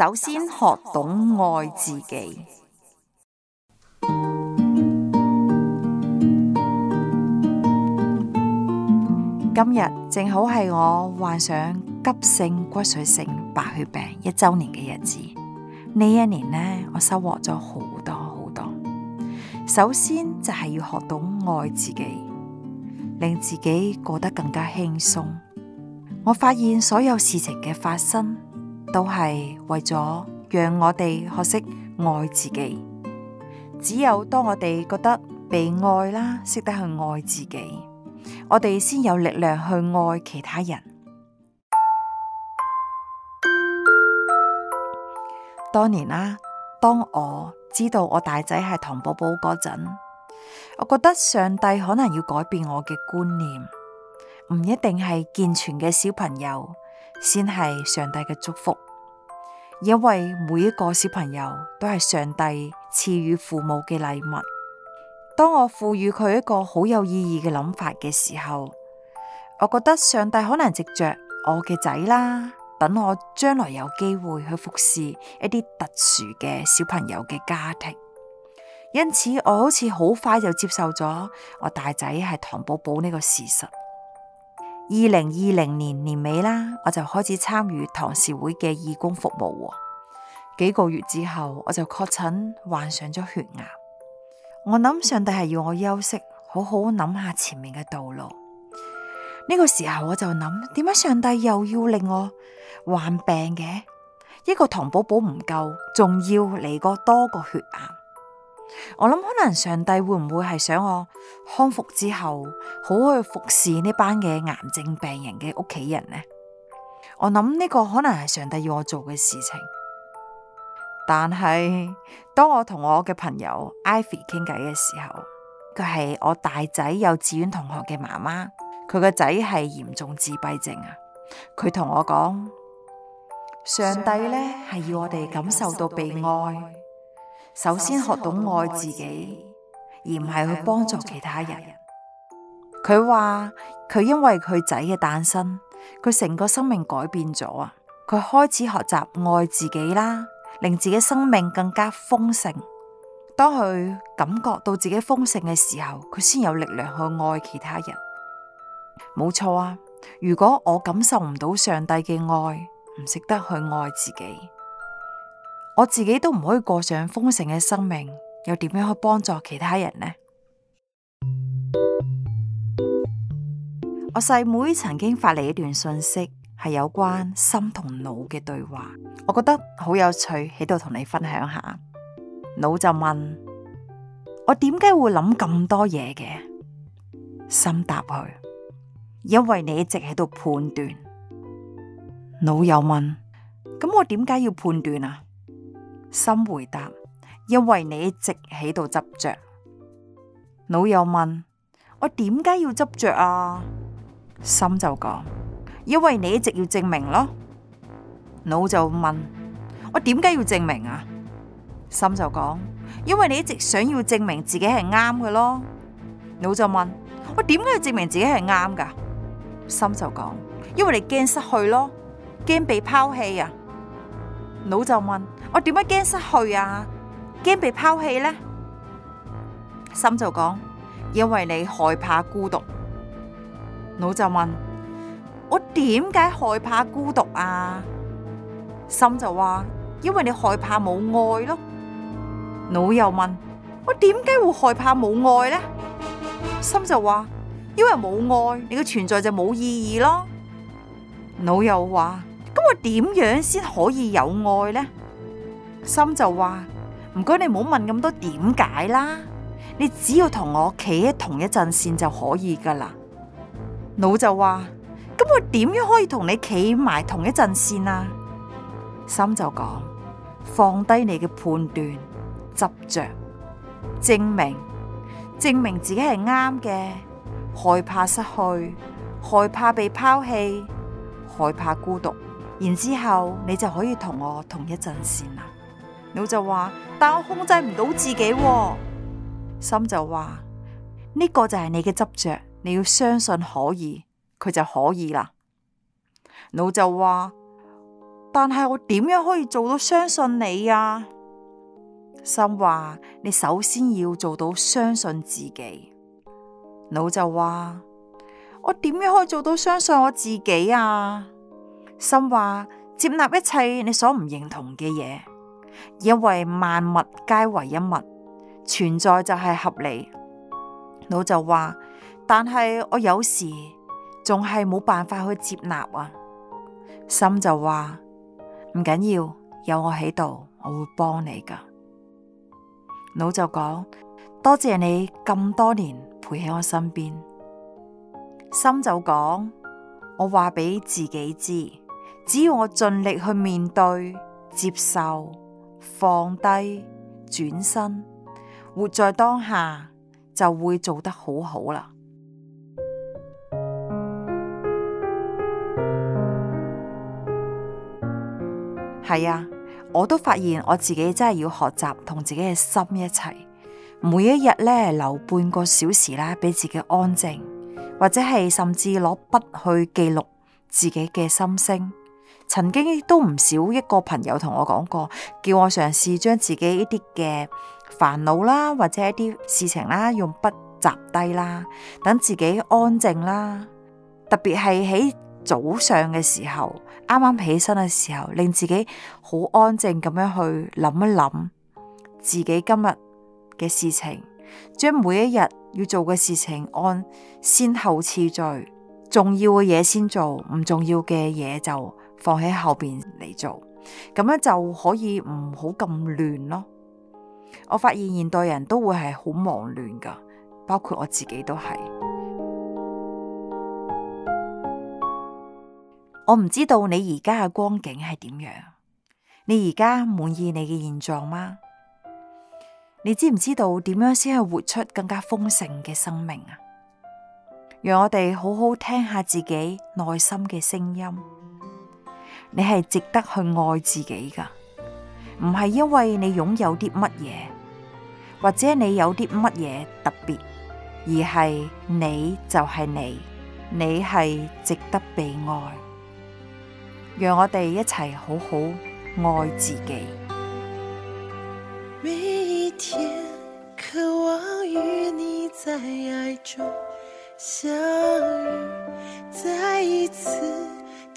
首先，學懂愛自己。今日正好係我患上急性骨髓性白血病一周年嘅日子。呢一年呢，我收穫咗好多好多。首先，就係要學懂愛自己，令自己過得更加輕鬆。我發現所有事情嘅發生。都係為咗讓我哋學識愛自己。只有當我哋覺得被愛啦，識得去愛自己，我哋先有力量去愛其他人。當年啦，當我知道我大仔係唐寶寶嗰陣，我覺得上帝可能要改變我嘅觀念，唔一定係健全嘅小朋友。先係上帝嘅祝福，因為每一個小朋友都係上帝賜予父母嘅禮物。當我賦予佢一個好有意義嘅諗法嘅時候，我覺得上帝可能藉着我嘅仔啦，等我將來有機會去服侍一啲特殊嘅小朋友嘅家庭。因此，我好似好快就接受咗我大仔係唐寶寶呢個事實。二零二零年年尾啦，我就開始參與唐氏會嘅義工服務。幾個月之後，我就確診患上咗血癌。我諗上帝係要我休息，好好諗下前面嘅道路。呢、這個時候我就諗，點解上帝又要令我患病嘅？一個唐寶寶唔夠，仲要嚟過多個血癌。我諗可能上帝會唔會係想我康復之後好去服侍呢班嘅癌症病人嘅屋企人呢？我諗呢個可能係上帝要我做嘅事情。但係當我同我嘅朋友 Ivy 傾偈嘅時候，佢係我大仔幼稚園同學嘅媽媽，佢個仔係嚴重自閉症啊。佢同我講，上帝咧係要我哋感受到被愛。首先學懂愛自己，而唔係去幫助其他人。佢話佢因為佢仔嘅誕生，佢成個生命改變咗啊！佢開始學習愛自己啦，令自己生命更加豐盛。當佢感覺到自己豐盛嘅時候，佢先有力量去愛其他人。冇錯啊！如果我感受唔到上帝嘅愛，唔識得去愛自己。我自己都唔可以過上豐盛嘅生命，又點樣去幫助其他人呢？我細妹，妹曾經發嚟一段信息，係有關心同腦嘅對話，我覺得好有趣，喺度同你分享下。腦就問：我點解會諗咁多嘢嘅？心答佢：因為你一直喺度判斷。腦又問：咁我點解要判斷啊？心回答：因為你一直喺度執着。腦又問：我點解要執着啊？心就講：因為你一直要證明咯。腦就問：我點解要證明啊？心就講：因為你一直想要證明自己係啱嘅咯。腦就問：我點解要證明自己係啱噶？心就講：因為你驚失去咯，驚被拋棄啊！腦就問，我點解驚失去啊？驚被拋棄呢？心就講，因為你害怕孤獨。腦就問，我點解害怕孤獨啊？心就話，因為你害怕冇愛咯。腦又問，我點解會害怕冇愛呢？心就話，因為冇愛，你嘅存在就冇意義咯。腦又話。咁我點樣先可以有愛呢？心就話，唔該，你唔好問咁多點解啦，你只要同我企喺同一陣線就可以噶啦。腦就話，咁我點樣可以同你企埋同一陣線啊？心就講，放低你嘅判斷、執着、證明、證明自己係啱嘅，害怕失去，害怕被拋棄，害怕孤獨。然之後你就可以同我同一陣線啦。腦就話，但我控制唔到自己。心就話，呢個就係你嘅執着。你要相信可以，佢就可以啦。腦就話，但係我點樣可以做到相信你啊？心話，你首先要做到相信自己。腦就話，我點樣可以做到相信我自己啊？心話，接納一切你所唔認同嘅嘢，因為萬物皆為一物，存在就係合理。腦就話，但係我有時仲係冇辦法去接納啊。心就話，唔緊要，有我喺度，我會幫你噶。腦就講，多謝你咁多年陪喺我身邊。心就講，我話俾自己知。只要我盡力去面對、接受、放低、轉身，活在當下，就會做得好好啦。係啊，我都發現我自己真係要學習同自己嘅心一齊。每一日咧，留半個小時啦，俾自己安靜，或者係甚至攞筆去記錄自己嘅心聲。曾經都唔少一個朋友同我講過，叫我嘗試將自己一啲嘅煩惱啦，或者一啲事情啦，用筆集低啦，等自己安靜啦。特別係喺早上嘅時候，啱啱起身嘅時候，令自己好安靜咁樣去諗一諗自己今日嘅事情，將每一日要做嘅事情按先後次序，重要嘅嘢先做，唔重要嘅嘢就放喺後邊嚟做，咁樣就可以唔好咁亂咯。我發現現代人都會係好忙亂噶，包括我自己都係。 我唔知道你而家嘅光景係點樣？你而家滿意你嘅現狀嗎？你知唔知道點樣先係活出更加豐盛嘅生命啊？讓我哋好好聽下自己內心嘅聲音。你係值得去愛自己㗎，唔係因為你擁有啲乜嘢，或者你有啲乜嘢特別，而係你就係你，你係值得被愛。讓我哋一齊好好愛自己。每一天渴望與你在愛中相遇，再一次。